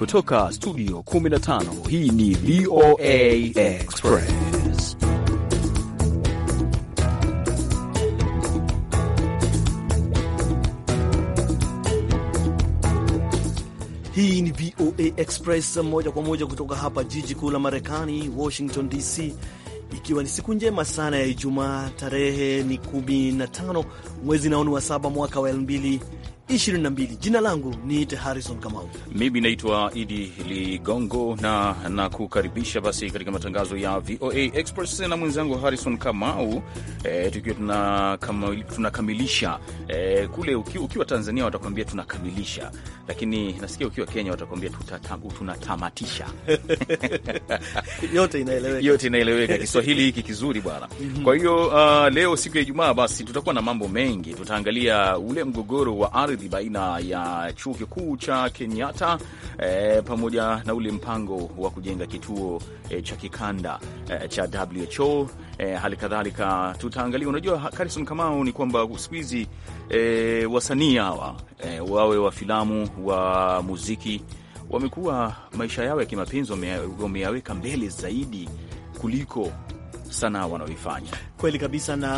Kutoka studio 15 hii ni VOA Express. Hii ni VOA Express moja kwa moja kutoka hapa jiji kuu la Marekani, Washington DC, ikiwa ni siku njema sana ya Ijumaa. Tarehe ni 15 mwezi naoni wa saba mwaka wa elfu mbili 22. Jina langu ni Ite Harrison Kamau, mimi naitwa Idi Ligongo na nakukaribisha basi katika matangazo ya VOA Express na mwenzangu Harrison Kamau e, tukiwa tunakamilisha e, kule uki, ukiwa Tanzania watakwambia tunakamilisha, lakini nasikia ukiwa Kenya watakuambia tunatamatisha yote inaeleweka, yote inaeleweka. Kiswahili hiki kizuri bwana. Mhm. Kwa hiyo uh, leo siku ya Ijumaa basi tutakuwa na mambo mengi, tutaangalia ule mgogoro wa ardhi ukweli baina ya chuo kikuu cha Kenyatta e, pamoja na ule mpango wa kujenga kituo e, cha kikanda e, cha WHO e, hali kadhalika tutaangalia. Unajua Karison Kamau, ni kwamba siku hizi e, wasanii hawa e, wawe wa filamu wa muziki wamekuwa maisha yao ya kimapenzi wameyaweka mbele zaidi kuliko sanaa wanaoifanya. Kweli kabisa na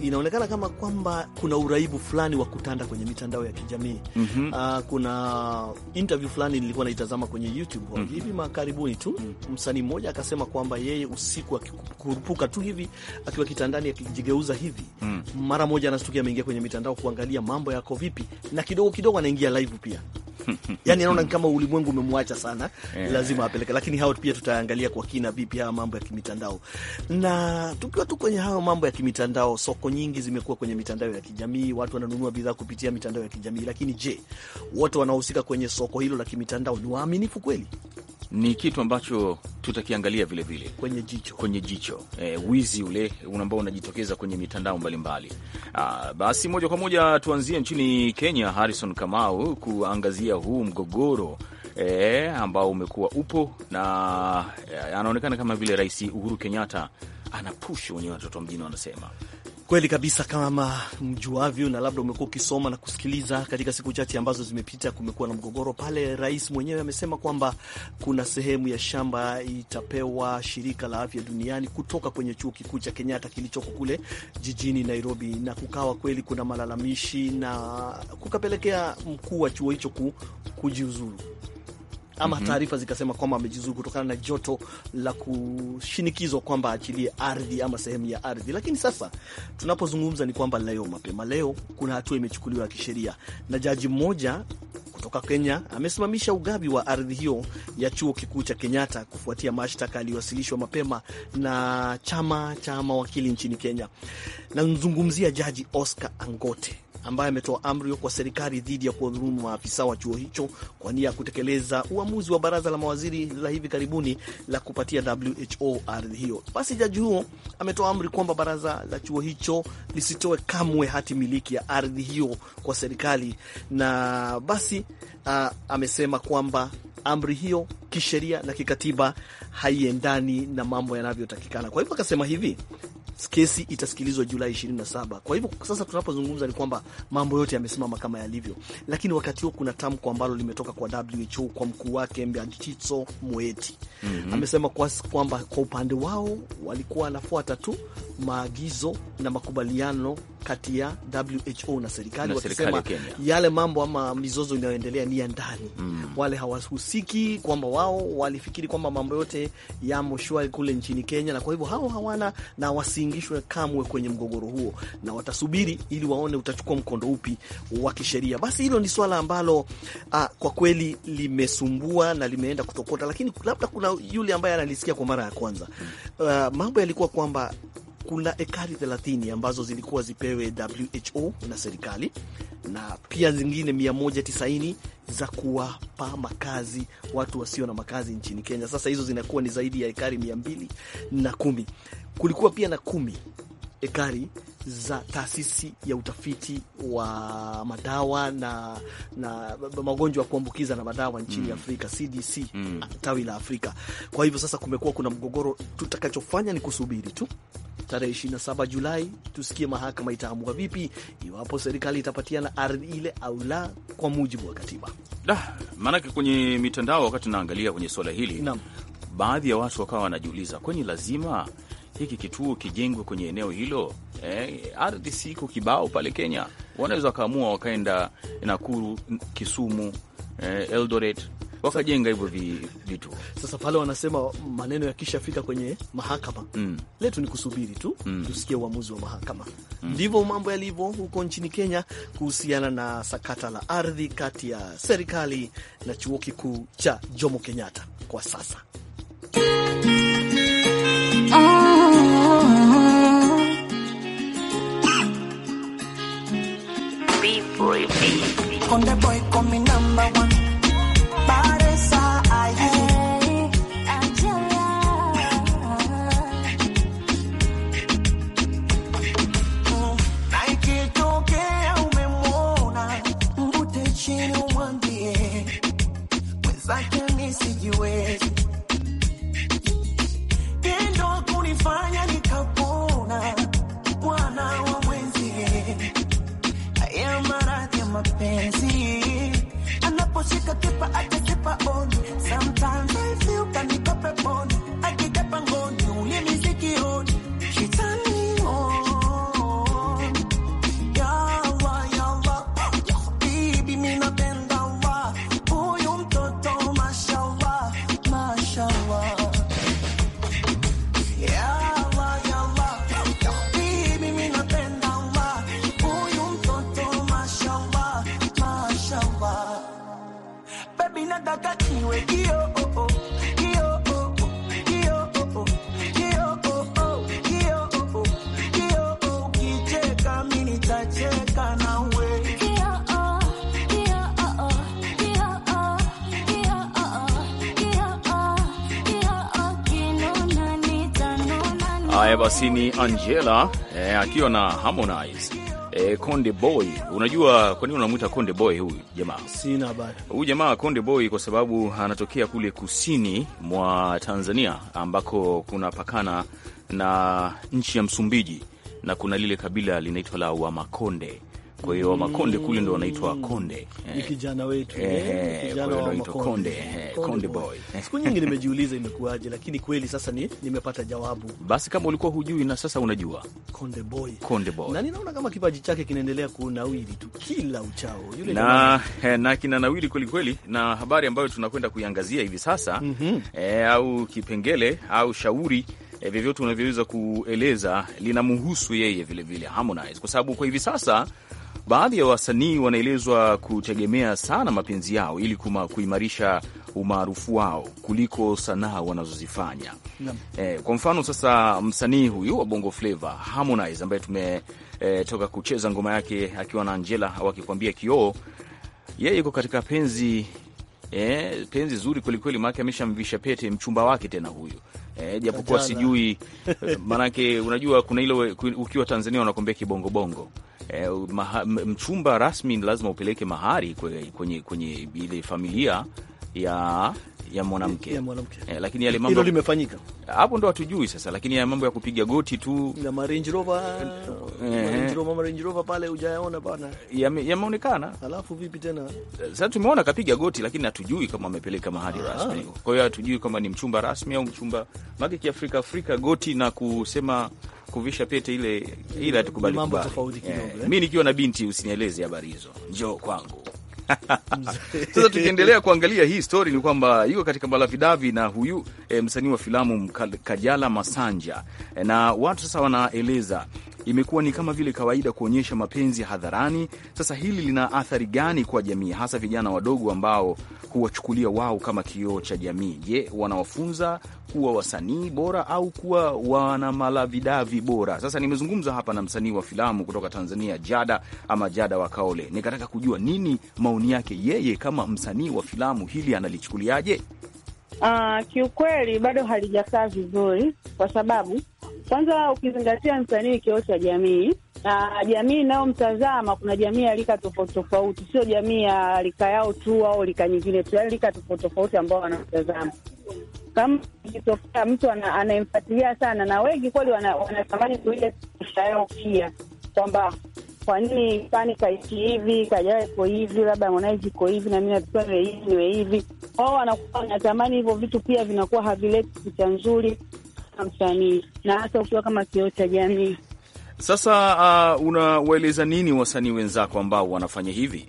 inaonekana kama kwamba kuna uraibu fulani wa kutanda kwenye mitandao ya kijamii mm -hmm. Uh, kuna interview fulani nilikuwa naitazama kwenye YouTube mm -hmm. hivi makaribuni tu mm -hmm. msanii mmoja akasema kwamba yeye usiku akikurupuka tu hivi akiwa kitandani akijigeuza hivi mm -hmm. mara moja anastukia ameingia kwenye mitandao kuangalia mambo yako vipi, na kidogo kidogo anaingia live pia yani anaona kama ulimwengu umemwacha sana yeah. Lazima apeleke, lakini hao pia tutaangalia kwa kina, vipi haya mambo ya kimitandao. Na tukiwa tu kwenye hayo mambo ya kimitandao, soko nyingi zimekuwa kwenye mitandao ya kijamii, watu wananunua bidhaa kupitia mitandao ya kijamii. Lakini je, wote wanaohusika kwenye soko hilo la kimitandao ni waaminifu kweli? ni kitu ambacho tutakiangalia vilevile kwenye jicho, kwenye jicho e, wizi ule ambao unajitokeza kwenye mitandao mbalimbali mbali. Basi moja kwa moja tuanzie nchini Kenya, Harrison Kamau, kuangazia huu mgogoro e, ambao umekuwa upo na e, anaonekana kama vile Rais Uhuru Kenyatta ana wenye wenyewe watoto mjini wanasema Kweli kabisa, kama mjuavyo, na labda umekuwa ukisoma na kusikiliza, katika siku chache ambazo zimepita, kumekuwa na mgogoro pale. Rais mwenyewe amesema kwamba kuna sehemu ya shamba itapewa shirika la afya duniani kutoka kwenye chuo kikuu cha Kenyatta kilichoko kule jijini Nairobi, na kukawa kweli kuna malalamishi na kukapelekea mkuu wa chuo hicho kujiuzulu ama mm -hmm. taarifa zikasema kwamba amejizuru kutokana na joto la kushinikizwa kwamba aachilie ardhi ama sehemu ya ardhi. Lakini sasa tunapozungumza ni kwamba leo mapema leo kuna hatua imechukuliwa ya kisheria na jaji mmoja kutoka Kenya amesimamisha ugavi wa ardhi hiyo ya chuo kikuu cha Kenyatta kufuatia mashtaka aliyowasilishwa mapema na chama cha mawakili nchini Kenya. Namzungumzia jaji Oscar Angote ambaye ametoa amri kwa serikali dhidi ya kuwadhulumu maafisa wa chuo hicho kwa nia ya kutekeleza uamuzi wa baraza la mawaziri la hivi karibuni la kupatia WHO ardhi hiyo. Basi jaji huo ametoa amri kwamba baraza la chuo hicho lisitoe kamwe hati miliki ya ardhi hiyo kwa serikali, na basi a, amesema kwamba amri hiyo kisheria na kikatiba haiendani na mambo yanavyotakikana. Kwa hivyo akasema hivi kesi itasikilizwa Julai 27. Kwa hivyo sasa tunapozungumza ni kwamba mambo yote yamesimama kama yalivyo, lakini wakati huo kuna tamko ambalo limetoka kwa WHO kwa mkuu wake Mbatsitso Moeti mm -hmm. amesema kwamba kwa upande wao walikuwa wanafuata tu maagizo na makubaliano kati ya WHO na serikali, wakisema yale mambo ama mizozo inayoendelea ni ya ndani mm. Wale hawahusiki kwamba wao walifikiri kwamba mambo yote yamo shwari kule nchini Kenya, na kwa hivyo hao hawana na wasiingishwe kamwe kwenye mgogoro huo, na watasubiri ili waone utachukua mkondo upi wa kisheria. Basi hilo ni swala ambalo a, ah, kwa kweli limesumbua na limeenda kutokota, lakini labda kuna yule ambaye analisikia kwa mara ya kwanza. Uh, mambo yalikuwa kwamba kuna ekari 30 ambazo zilikuwa zipewe WHO na serikali na pia zingine 190 za kuwapa makazi watu wasio na makazi nchini Kenya. Sasa hizo zinakuwa ni zaidi ya ekari 210 na kumi. Kulikuwa pia na kumi ekari za taasisi ya utafiti wa madawa na, na magonjwa ya kuambukiza na madawa nchini mm. Afrika CDC mm. tawi la Afrika. Kwa hivyo sasa kumekuwa kuna mgogoro, tutakachofanya ni kusubiri tu tarehe 27 Julai. Tusikie mahakama itaamua vipi, iwapo serikali itapatiana ardhi ile au la, kwa mujibu wa katiba. Da, maanake kwenye mitandao, wakati naangalia kwenye suala hili Naam. baadhi ya watu wakawa wanajiuliza kwani lazima hiki kituo kijengwe kwenye eneo hilo eh? Ardhi siko kibao pale Kenya, wanaweza wakaamua wakaenda Nakuru, Kisumu, eh, Eldoret wakajenga hivyo vitu. Sasa pale wanasema maneno yakishafika kwenye mahakama mm. letu ni kusubiri tu mm. tusikie uamuzi wa mahakama mm. ndivyo mm. mambo yalivyo huko nchini Kenya kuhusiana na sakata la ardhi kati ya serikali na chuo kikuu cha Jomo Kenyatta kwa sasa. oh. basi ni Angela eh, akiwa na Harmonize eh, Konde Boy. Unajua kwa nini unamwita Konde Boy huyu jamaa? Sina habari. Huyu jamaa Konde Boy kwa sababu anatokea kule kusini mwa Tanzania ambako kunapakana na nchi ya Msumbiji na kuna lile kabila linaitwa la Wamakonde kwa hiyo Makonde kule ndo wanaitwa Konde, ni kijana wetu, eh, eh, eh, kijana wa Makonde, Konde boy. Siku nyingi nimejiuliza imekuwaje, lakini kweli sasa ni nimepata jawabu. Basi kama ulikuwa hujui na sasa unajua Konde boy, Konde boy, na ninaona kama kipaji chake kinaendelea kunawiri tu kila uchao yule na, na kinanawiri kweli kweli, na habari ambayo tunakwenda kuiangazia hivi sasa mm -hmm. E, au kipengele au shauri E, vyovyote unavyoweza kueleza linamhusu yeye vilevile Harmonize, kwa sababu kwa hivi sasa Baadhi ya wasanii wanaelezwa kutegemea sana mapenzi yao ili kuma, kuimarisha umaarufu wao kuliko sanaa wanazozifanya E, Kwa mfano sasa, msanii huyu wa Bongo Flava Harmonize ambaye tumetoka eh, e, kucheza ngoma yake akiwa na Angela wakikwambia kioo, yeye iko katika penzi eh, penzi zuri kwelikweli, maake ameshamvisha pete mchumba wake tena huyu eh, japokuwa sijui maanake, unajua kuna ile ukiwa Tanzania wanakuambia kibongobongo eh, mchumba rasmi lazima upeleke mahari kwenye, kwenye ile familia ya ya mwanamke ya mwanamke eh, lakini yale mambo limefanyika hapo ndo hatujui sasa, lakini ya mambo ya kupiga goti tu na Range Rover eh, Range Rover Range Rover pale hujaona bana, yameonekana ya alafu vipi tena sasa, tumeona kapiga goti, lakini hatujui kama amepeleka mahali Aha. rasmi. Kwa hiyo hatujui kama ni mchumba rasmi au mchumba mage kiafrika Afrika goti na kusema kuvisha pete ile ile, hatukubali mambo tofauti kidogo. Mimi eh, eh? nikiwa na binti usinieleze habari hizo, njoo kwangu Sasa tukiendelea kuangalia hii stori, ni kwamba yuko katika balavidavi na huyu e, msanii wa filamu Kajala Masanja, eh, na watu sasa wanaeleza imekuwa ni kama vile kawaida kuonyesha mapenzi hadharani. Sasa hili lina athari gani kwa jamii, hasa vijana wadogo ambao huwachukulia wao kama kioo cha jamii? Je, wanawafunza kuwa wasanii bora au kuwa wanamalavidavi bora? Sasa nimezungumza hapa na msanii wa filamu kutoka Tanzania, Jada ama Jada wa Kaole, nikataka kujua nini maoni yake yeye kama msanii wa filamu, hili analichukuliaje? Uh, kiukweli bado halijakaa vizuri kwa sababu kwanza ukizingatia msanii ni kioo cha jamii na jamii inayomtazama, kuna jamii ya rika tofauti tofauti, sio jamii ya rika yao tu au rika nyingine tu, yaani rika tofauti tofauti ambao wanamtazama. Kama ikitokea mtu anayemfuatilia sana, na wengi kweli wanatamani kuiga maisha yao pia, kwamba kwa nini fani kaishi hivi, kajaa iko hivi, labda Harmonize iko hivi, na mi natakiwa niwe hivi, niwe hivi. Wao wanakuwa wanatamani hivyo vitu, pia vinakuwa havileti picha nzuri katika msanii na hasa ukiwa kama kioo cha jamii. Sasa uh, unawaeleza nini wasanii wenzako ambao wanafanya hivi?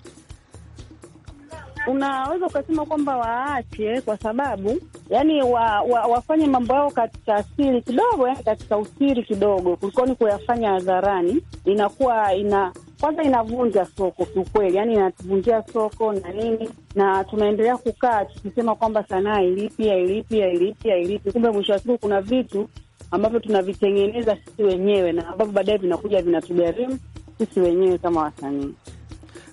Unaweza ukasema kwamba waache, kwa sababu yani wa, wa, wafanye mambo yao katika asili kidogo, yani katika usiri kidogo, kulikoni kuyafanya hadharani, inakuwa ina kwanza inavunja soko kiukweli, yani inatuvunjia soko na nini, na tunaendelea kukaa tukisema kwamba sanaa ilipi ailipi ailipi ailipi, kumbe mwisho wa siku kuna vitu ambavyo tunavitengeneza sisi wenyewe na ambavyo baadaye vinakuja vinatugharimu sisi wenyewe kama wasanii.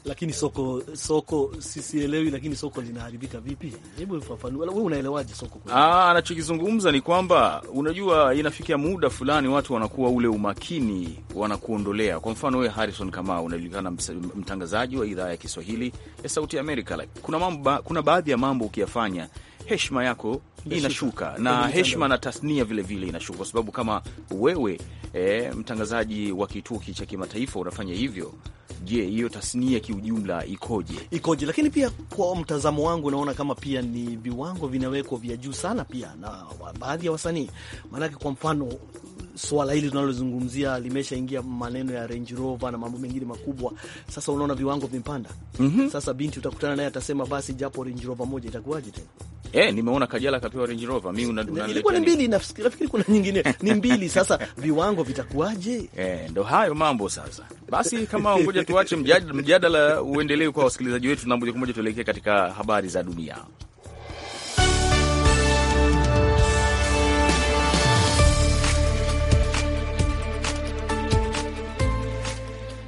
Lakini soko soko sisielewi, lakini soko linaharibika vipi? Hebu fafanua wewe, unaelewaje soko? Ah, anachokizungumza ni kwamba unajua, inafikia muda fulani watu wanakuwa ule umakini wanakuondolea. Kwa mfano wewe Harrison Kamau unajulikana mtangazaji wa idhaa ya Kiswahili ya Sauti ya Amerika, like, kuna mambo, kuna baadhi ya mambo ukiyafanya heshima yako inashuka na heshima na tasnia vilevile vile inashuka, kwa sababu kama wewe e, mtangazaji wa kituo cha kimataifa unafanya hivyo, Je, hiyo tasnia kiujumla ikoje? Ikoje, lakini pia kwa mtazamo wangu naona kama pia ni viwango vinawekwa vya juu sana pia na baadhi ya wasanii, maanake kwa mfano swala hili tunalozungumzia limeshaingia maneno ya Range Rover na mambo mengine makubwa. Sasa unaona viwango vimepanda. mm -hmm. Sasa binti utakutana naye atasema basi japo Range Rover moja itakuwaje tena? Eh, nimeona Kajala kapewa Range Rover, mimi unaniletea ilikuwa ni mbili, nafikiri kuna nyingine ni mbili. Sasa viwango vitakuwaje? Eh, ndo hayo mambo sasa. Basi kama ngoja tuache mjadala uendelee kwa wasikilizaji wetu, na moja kwa moja tuelekee katika habari za dunia.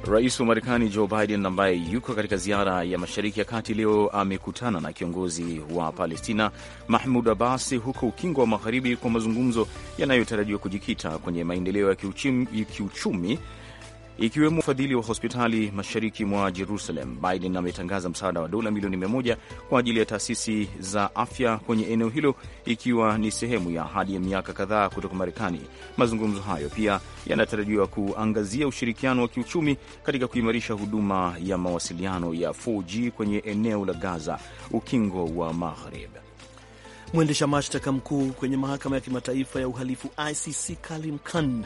Rais wa Marekani Joe Biden ambaye yuko katika ziara ya Mashariki ya Kati leo amekutana na kiongozi wa Palestina Mahmud Abbas huko Ukingo wa Magharibi kwa mazungumzo yanayotarajiwa kujikita kwenye maendeleo ya kiuchumi ikiwemo ufadhili wa hospitali mashariki mwa Jerusalem. Biden ametangaza msaada wa dola milioni mia moja kwa ajili ya taasisi za afya kwenye eneo hilo, ikiwa ni sehemu ya ahadi ya miaka kadhaa kutoka Marekani. Mazungumzo hayo pia yanatarajiwa kuangazia ushirikiano wa kiuchumi katika kuimarisha huduma ya mawasiliano ya 4G kwenye eneo la Gaza, ukingo wa Magharibi. Mwendesha mashtaka mkuu kwenye mahakama ya kimataifa ya uhalifu ICC Kalim Khan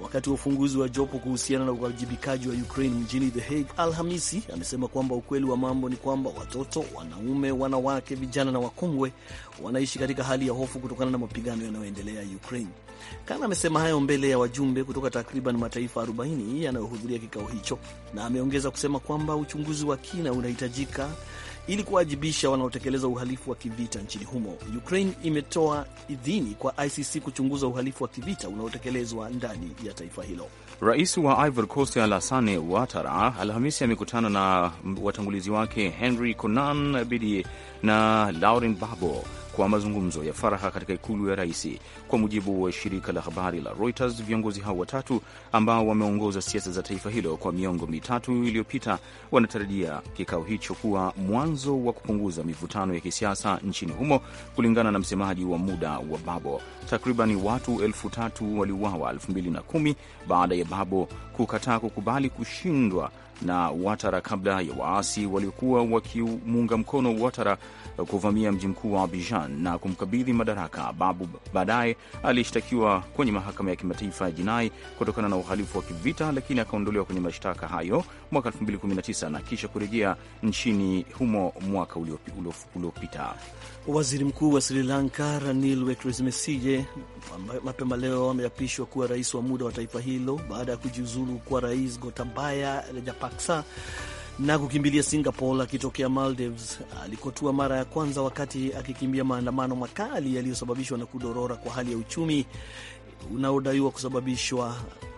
wakati wa ufunguzi wa jopo kuhusiana na uwajibikaji wa Ukraine mjini The Hague Alhamisi, amesema kwamba ukweli wa mambo ni kwamba watoto, wanaume, wanawake, vijana na wakongwe wanaishi katika hali ya hofu kutokana na mapigano yanayoendelea Ukraine. Kana amesema hayo mbele ya wajumbe kutoka takriban mataifa 40 yanayohudhuria kikao hicho, na ameongeza kusema kwamba uchunguzi wa kina unahitajika ili kuwaajibisha wanaotekeleza uhalifu wa kivita nchini humo. Ukraine imetoa idhini kwa ICC kuchunguza uhalifu wa kivita unaotekelezwa ndani ya taifa hilo. Rais wa Ivory Coast Alassane Ouattara Alhamisi amekutana na watangulizi wake Henry Konan Bidi na Laurent Gbagbo kwa mazungumzo ya faraha katika ikulu ya rais. Kwa mujibu wa shirika la habari la Reuters, viongozi hao watatu ambao wameongoza siasa za taifa hilo kwa miongo mitatu iliyopita wanatarajia kikao hicho kuwa mwanzo wa kupunguza mivutano ya kisiasa nchini humo, kulingana na msemaji wa muda wa Babo. Takriban watu elfu tatu waliuawa 2010 baada ya Babo kukataa kukubali kushindwa na Watara kabla ya waasi waliokuwa wakimuunga mkono Watara kuvamia mji mkuu wa Abidjan na kumkabidhi madaraka. Babu baadaye alishtakiwa kwenye mahakama ya kimataifa ya jinai kutokana na uhalifu wa kivita, lakini akaondolewa kwenye mashtaka hayo mwaka 2019 na kisha kurejea nchini humo mwaka uliopita. Waziri mkuu wa Sri Lanka Ranil Wickremesinghe mapema leo ameapishwa kuwa rais wa muda wa taifa hilo baada ya kujiuzulu kwa rais Gotabaya Rajapaksa na kukimbilia Singapore akitokea Maldives alikotua mara ya kwanza wakati akikimbia maandamano makali yaliyosababishwa na kudorora kwa hali ya uchumi unaodaiwa kusababishwa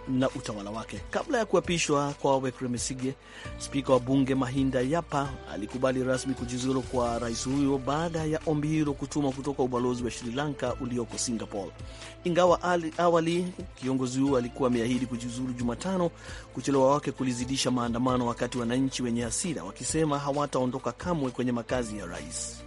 na utawala wake. Kabla ya kuapishwa kwa Wekremesige, spika wa bunge Mahinda Yapa alikubali rasmi kujiuzulu kwa rais huyo baada ya ombi hilo kutumwa kutoka ubalozi wa Sri Lanka ulioko Singapore. Ingawa ali, awali kiongozi huyo alikuwa ameahidi kujiuzulu Jumatano, kuchelewa wake kulizidisha maandamano, wakati wananchi wenye hasira wakisema hawataondoka kamwe kwenye makazi ya rais.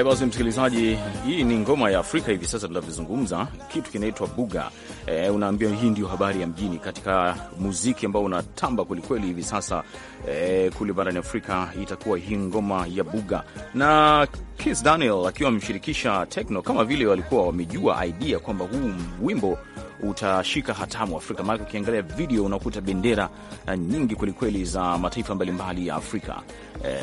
Haya basi, msikilizaji, hii ni ngoma ya Afrika hivi sasa tunavyozungumza, kitu kinaitwa buga. E, unaambia hii ndio habari ya mjini katika muziki ambao unatamba kwelikweli hivi sasa e, kule barani Afrika itakuwa hii ngoma ya buga, na Kiss Daniel akiwa amemshirikisha Tekno, kama vile walikuwa wamejua idea kwamba huu wimbo utashika hatamu Afrika, maanake ukiangalia video unakuta bendera nyingi kwelikweli za mataifa mbalimbali ya Afrika e,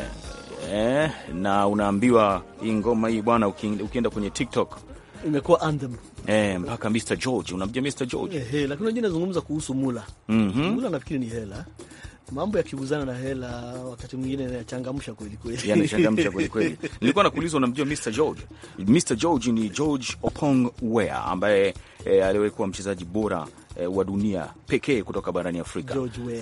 eh, na unaambiwa hii ngoma hii bwana, ukienda kwenye TikTok imekuwa anthem eh, mpaka Mr George, unamjia Mr George eh, eh, lakini unajua nazungumza kuhusu mula mm -hmm. Mula nafikiri ni hela mambo yakiguzana na hela wakati mwingine yanachangamsha kweli kweli, yanachangamsha kweli kweli. Nilikuwa nakuuliza, unamjua Mr George? Mr George ni George Opong Weah ambaye e, aliwahi kuwa mchezaji bora e, wa dunia pekee kutoka barani Afrika.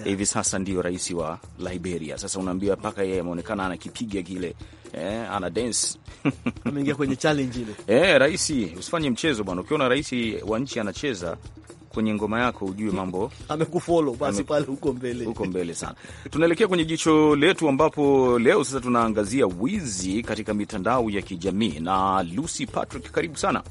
Hivi sasa ndiyo rais wa Liberia. Sasa unaambia mpaka yeye ameonekana anakipiga kile Yeah, ana dance ameingia kwenye challenge ile. Eh, rais usifanye mchezo bwana. Ukiona rais wa nchi anacheza kwenye ngoma yako ujue mambo amekufollow basi pale huko mbele, huko mbele sana. Tunaelekea kwenye jicho letu, ambapo leo sasa tunaangazia wizi katika mitandao ya kijamii na Lucy Patrick, karibu sana.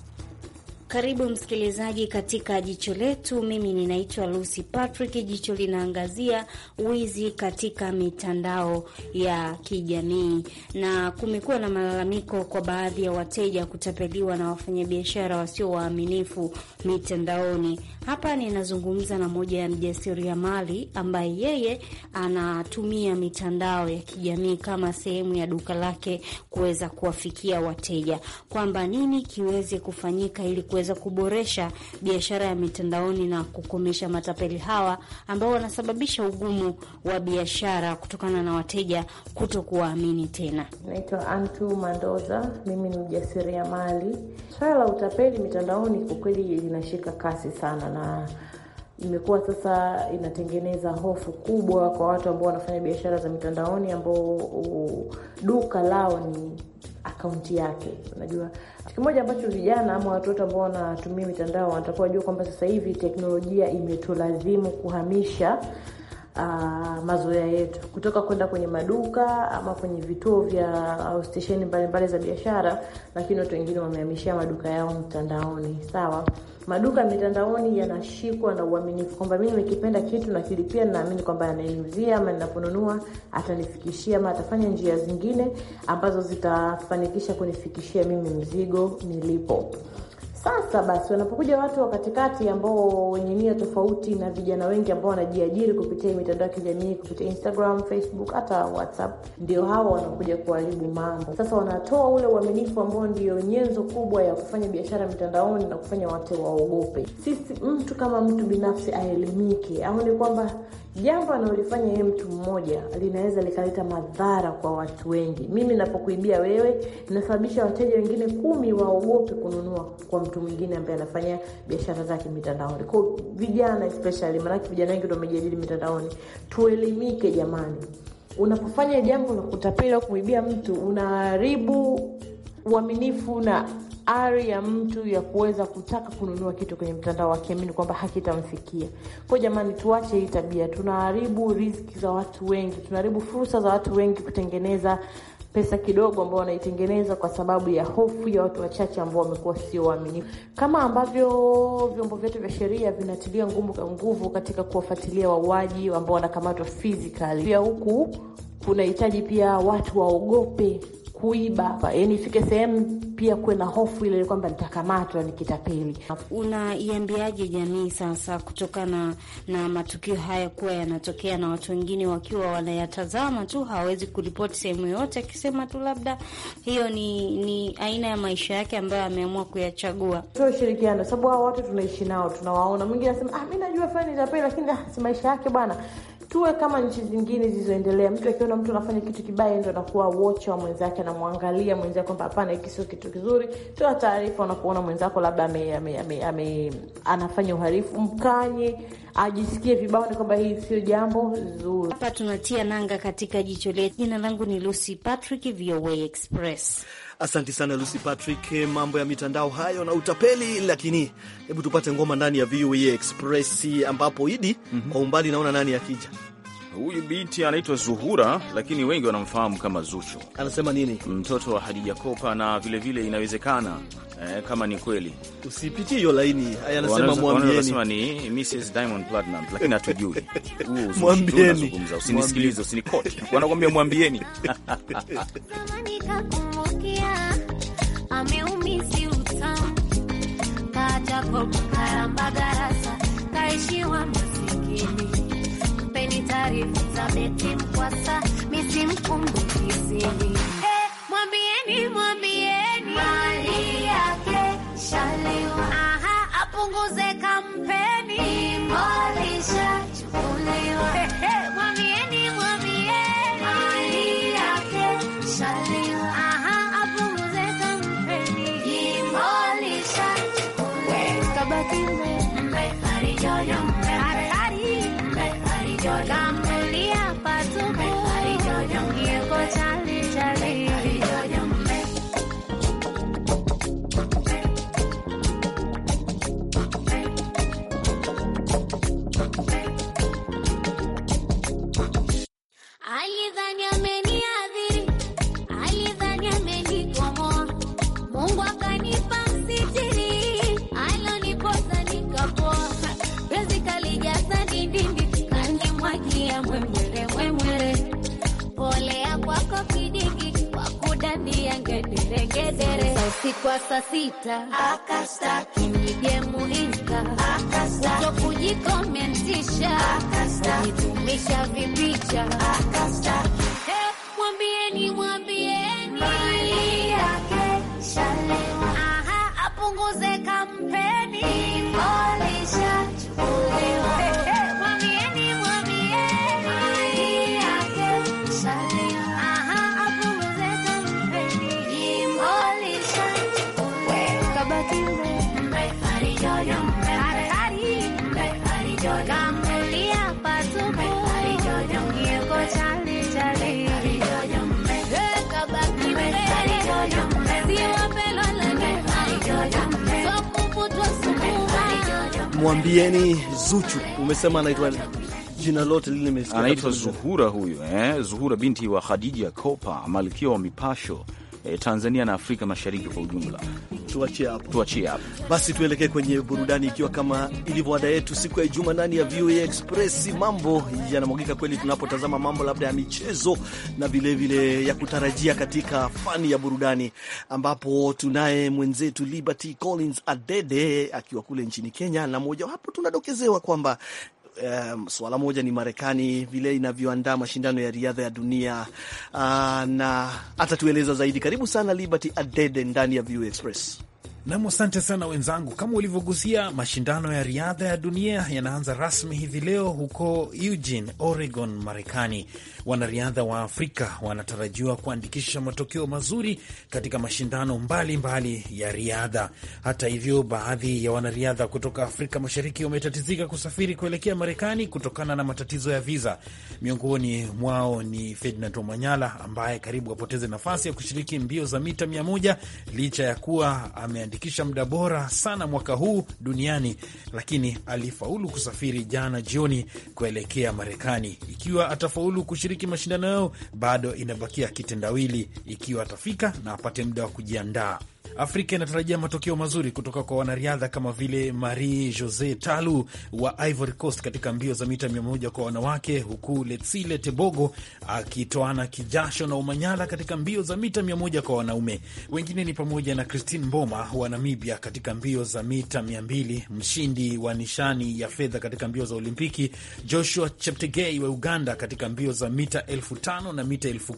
Karibu msikilizaji katika jicho letu. Mimi ninaitwa Lucy Patrick. Jicho linaangazia wizi katika mitandao ya kijamii, na kumekuwa na malalamiko kwa baadhi ya wateja kutapeliwa na wafanyabiashara wasio waaminifu mitandaoni. Hapa ninazungumza na moja ya mjasiriamali ambaye yeye anatumia mitandao ya kijamii kama sehemu ya duka lake kuweza kuwafikia wateja, kwamba nini kiweze kufanyika ili kuweza kuweza kuboresha biashara ya mitandaoni na kukomesha matapeli hawa ambao wanasababisha ugumu wa biashara kutokana na wateja kuto kuwaamini tena. Naitwa Antu Mandoza, mimi ni mjasiriamali. Swala la utapeli mitandaoni kwa kweli linashika kasi sana na imekuwa sasa inatengeneza hofu kubwa kwa watu ambao wanafanya biashara za mitandaoni ambao duka lao ni akaunti yake. Unajua kitu kimoja ambacho vijana ama wote ambao wanatumia mitandao wanatakiwa wajua kwamba sasa hivi teknolojia imetulazimu kuhamisha Ah, mazoea yetu kutoka kwenda kwenye maduka ama kwenye vituo vya au stesheni mbalimbali za biashara, lakini watu wengine wamehamishia maduka yao mtandaoni. Sawa, maduka mitandaoni yanashikwa na uaminifu kwamba mimi nikipenda kitu na kilipia, naamini kwamba ananiuzia ama ninaponunua atanifikishia ama atafanya njia zingine ambazo zitafanikisha kunifikishia mimi mzigo nilipo. Sasa basi, wanapokuja watu wa katikati ambao wenye nia tofauti na vijana wengi ambao wanajiajiri kupitia mitandao ya kijamii, kupitia Instagram, Facebook, hata WhatsApp, ndio hawa wanakuja kuharibu mambo. Sasa wanatoa ule uaminifu ambao ndio nyenzo kubwa ya kufanya biashara mitandaoni na kufanya watu waogope. Sisi mtu kama mtu binafsi aelimike, aone kwamba Jambo analolifanya yeye mtu mmoja linaweza likaleta madhara kwa watu wengi. Mimi napokuibia wewe, inasababisha wateja wengine kumi waogope kununua kwa mtu mwingine ambaye anafanya biashara zake mitandaoni. Kwa vijana especially, maanake vijana wengi ndo wamejadili mitandaoni. Tuelimike jamani, unapofanya jambo la kutapeli au kumwibia mtu unaharibu uaminifu na ari ya mtu ya kuweza kutaka kununua kitu kwenye mtandao akiamini kwamba hakitamfikia kwao. Jamani, tuache hii tabia, tunaharibu riziki za watu wengi, tunaharibu fursa za watu wengi kutengeneza pesa kidogo ambao wanaitengeneza kwa sababu ya hofu ya watu wachache ambao wamekuwa sio waaminifu, kama ambavyo vyombo vyetu vya sheria vinatilia nguvu katika kuwafuatilia wauaji ambao wanakamatwa fizikali. Pia huku kunahitaji pia watu waogope kuiba, yani, ifike sehemu pia kuwe na hofu ile kwamba nitakamatwa nikitapeli. Unaiambiaje jamii sasa kutokana na, matukio haya kuwa yanatokea na watu wengine wakiwa wanayatazama tu hawawezi kuripoti sehemu yoyote, akisema tu labda hiyo ni, ni aina ya maisha yake ambayo ameamua kuyachagua. Sio ushirikiano, sababu hao watu tunaishi nao tunawaona, mwingine anasema ah, mi najua fulani tapeli, lakini ah, si maisha yake bwana tuwe kama nchi zingine zilizoendelea. Mtu akiona mtu anafanya kitu kibaya, ndo anakuwa wocha wa mwenzake, anamwangalia mwenzake kwamba hapana, hiki sio kitu kizuri. Toa taarifa unapoona mwenzako labda ame, ame, ame, ame, anafanya uhalifu, mkanye ajisikie ni kwamba hii sio jambo zuri. Hapa tunatia nanga katika jicho letu. Jina langu ni Lucy Patrick, VOA Express. Asante sana Lucy Patrick, mambo ya mitandao hayo na utapeli, lakini hebu tupate ngoma ndani ya VOA e Express ambapo Idi mm -hmm. kwa umbali naona nani akija Huyu biti anaitwa Zuhura, lakini wengi wanamfahamu kama Zuchu. Anasema nini? Mtoto wa Hadija Kopa, na vilevile vile inawezekana eh, kama ni kweli usipitie hiyo laini. Haya, anasema mwambieni, ni Mrs Diamond lakini hatujui mwambieni, usinisikilize, usinikote, mwambieni kukaramba darasa kaishiwa masikini, mpeni taarifa za beti mkwasa misimkumbukizini. Hey, eh, mwambieni mwambieni mali yake shalewa your love. masaa sita mjige muhimka kutokujikommentisha kunitumisha vipicha mwambieni Zuchu. Umesema anaitwa jina lote lile nimesikia, anaitwa Zuhura huyo, eh? Zuhura binti wa Khadija Kopa, malkia wa mipasho eh, Tanzania na Afrika Mashariki kwa ujumla. Tuachie hapo, tuachie hapo basi, tuelekee kwenye burudani, ikiwa kama ilivyo ada yetu siku ya Ijumaa ndani ya VOA Express. Mambo yanamwagika kweli, tunapotazama mambo labda ya michezo na vilevile ya kutarajia katika fani ya burudani, ambapo tunaye mwenzetu Liberty Collins Adede akiwa kule nchini Kenya, na mojawapo tunadokezewa kwamba um, swala moja ni Marekani vile inavyoandaa mashindano ya riadha ya dunia uh, na atatueleza zaidi. Karibu sana Liberty Adede ndani ya View Express. Nam, asante sana wenzangu. Kama ulivyogusia, mashindano ya riadha ya dunia yanaanza rasmi hivi leo huko Eugene, Oregon, Marekani. Wanariadha wa Afrika wanatarajiwa kuandikisha matokeo mazuri katika mashindano mbalimbali mbali ya riadha. Hata hivyo, baadhi ya wanariadha kutoka Afrika Mashariki wametatizika kusafiri kuelekea Marekani kutokana na matatizo ya viza. Miongoni mwao ni Ferdinand Omanyala ambaye karibu apoteze nafasi ya kushiriki mbio za mita 100 licha ya kuwa ame aliandikisha muda bora sana mwaka huu duniani, lakini alifaulu kusafiri jana jioni kuelekea Marekani. Ikiwa atafaulu kushiriki mashindano yao, bado inabakia kitendawili, ikiwa atafika na apate muda wa kujiandaa. Afrika inatarajia matokeo mazuri kutoka kwa wanariadha kama vile Marie Jose Talu wa Ivory Coast katika mbio za mita 100 kwa wanawake, huku Letsile Tebogo akitoana kijasho na Umanyala katika mbio za mita 100 kwa wanaume. Wengine ni pamoja na Christine Mboma wa Namibia katika mbio za mita 200, mshindi wa nishani ya fedha katika mbio za Olimpiki, Joshua Cheptegei wa Uganda katika mbio za mita 5 na mita elfu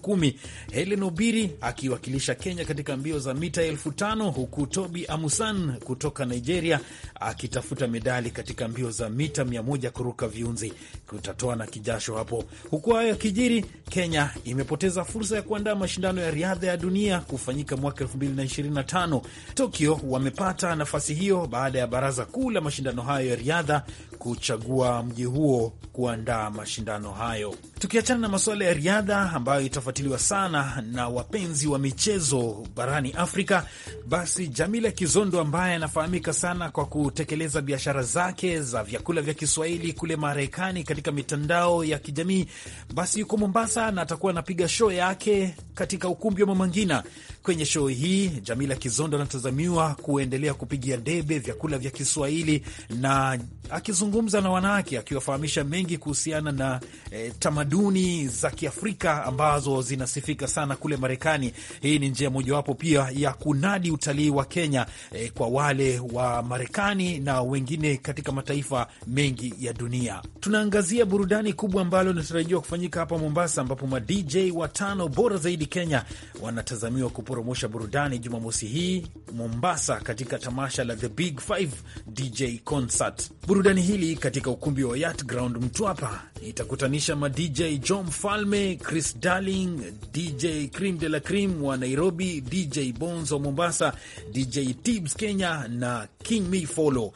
Helen Obiri akiwakilisha Kenya katika mbio za mita elfu tano tano, huku Tobi Amusan kutoka Nigeria akitafuta medali katika mbio za mita 100 kuruka viunzi. Kutatoa na kijasho hapo. Huku hayo yakijiri, Kenya imepoteza fursa ya kuandaa mashindano ya riadha ya dunia kufanyika mwaka 2025. Tokyo wamepata nafasi hiyo baada ya baraza kuu la mashindano hayo ya riadha kuchagua mji huo kuandaa mashindano hayo. Tukiachana na masuala ya riadha ambayo itafuatiliwa sana na wapenzi wa michezo barani Afrika, basi Jamila Kizondo ambaye anafahamika sana kwa kutekeleza biashara zake za vyakula vya Kiswahili kule Marekani katika mitandao ya kijamii, basi yuko Mombasa na atakuwa anapiga show yake katika ukumbi wa Mamangina. Kwenye show hii, Jamila Kizondo anatazamiwa kuendelea kupigia debe vyakula vya Kiswahili na akizungumza na wanawake, akiwafahamisha mengi kuhusiana na eh, tamaduni tamaduni za Kiafrika ambazo zinasifika sana kule Marekani. Hii ni njia mojawapo pia ya kunadi utalii wa Kenya e, kwa wale wa Marekani na wengine katika mataifa mengi ya dunia. Tunaangazia burudani kubwa ambalo linatarajiwa kufanyika hapa Mombasa, ambapo ma DJ watano bora zaidi Kenya wanatazamiwa kuporomosha burudani Jumamosi hii Mombasa, katika tamasha la The Big Five DJ Concert. Burudani hili katika ukumbi wa Yat Ground Mtwapa itakutanisha ma DJ Joe Mfalme, Chris Darling, DJ Cream de la Cream wa Nairobi, DJ Bones wa Mombasa, DJ Tibs Kenya na King Me Follow.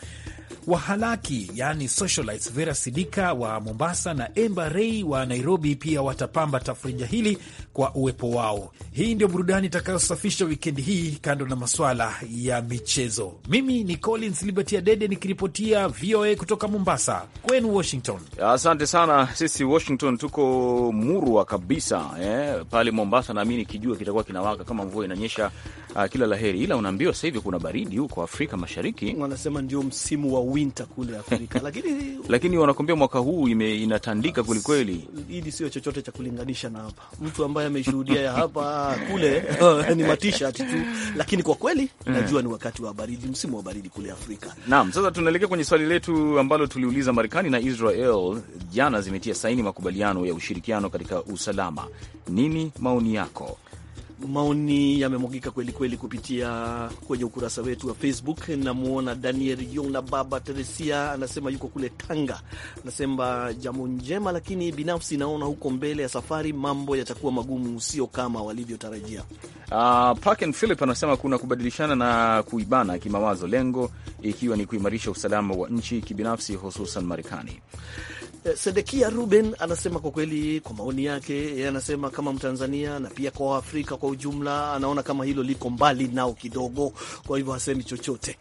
Wahalaki yani socialites Vera Sidika wa Mombasa na Emba Rei wa Nairobi pia watapamba tafrija hili kwa uwepo wao. Hii ndio burudani itakayosafisha wikendi hii, kando na maswala ya michezo. Mimi ni Collins Liberty Adede nikiripotia VOA kutoka Mombasa, kwenu Washington. Asante sana. Sisi Washington tuko murwa kabisa eh. Pale Mombasa naamini kijua kitakuwa kinawaka kama mvua inanyesha. Uh, kila laheri, ila unaambiwa sasa hivi kuna baridi huko Afrika Mashariki, wanasema ndio msimu wa winter kule Afrika lakini lakini wanakuambia mwaka huu ime, inatandika kwelikweli. Hili sio chochote cha kulinganisha na hapa. Mtu ambaye ameshuhudia ya hapa kule ni matishati tu, lakini kwa kweli mm. najua ni wakati wa baridi, msimu wa baridi kule Afrika. Naam, sasa tunaelekea kwenye swali letu ambalo tuliuliza. Marekani na Israel jana zimetia saini makubaliano ya ushirikiano katika usalama. Nini maoni yako? maoni yamemwagika kweli kweli kupitia kwenye ukurasa wetu wa Facebook. Namwona Daniel Yona Baba Teresia anasema yuko kule Tanga, anasema jambo njema, lakini binafsi naona huko mbele ya safari mambo yatakuwa magumu, sio kama walivyotarajia. Uh, Park and Philip anasema kuna kubadilishana na kuibana kimawazo, lengo ikiwa ni kuimarisha usalama wa nchi kibinafsi, hususan Marekani. Eh, Sedekia Ruben anasema kwa kweli, kwa maoni yake yeye anasema kama Mtanzania na pia kwa Afrika kwa ujumla, anaona kama hilo liko mbali nao kidogo, kwa hivyo hasemi chochote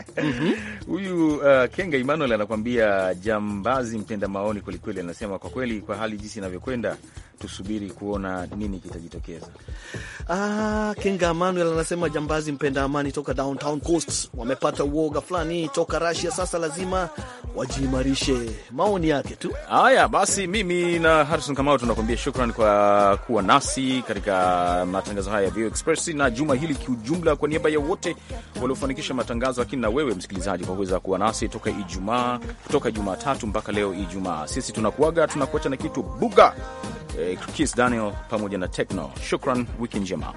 huyu. mm -hmm. Uh, Kenga Emmanuel anakuambia jambazi mpenda maoni kwelikweli, anasema kwa kweli, kwa hali jinsi inavyokwenda tusubiri kuona nini kitajitokeza. Ah, Kinga Emmanuel anasema jambazi mpenda amani toka downtown coast wamepata uoga fulani toka Russia, sasa lazima wajiimarishe. Maoni yake tu. Haya basi, mimi na Harrison Kamau tunakuambia shukran kwa kuwa nasi katika matangazo haya ya VOA Express na juma hili kiujumla, kwa niaba ya wote waliofanikisha matangazo, lakini na wewe msikilizaji kwa kuweza kuwa nasi toka Ijumaa, kutoka Jumatatu mpaka leo Ijumaa. Sisi tunakuaga tunakuacha na kitu buga eh, Kiss Daniel pamoja na Tekno. Shukran, wiki njema.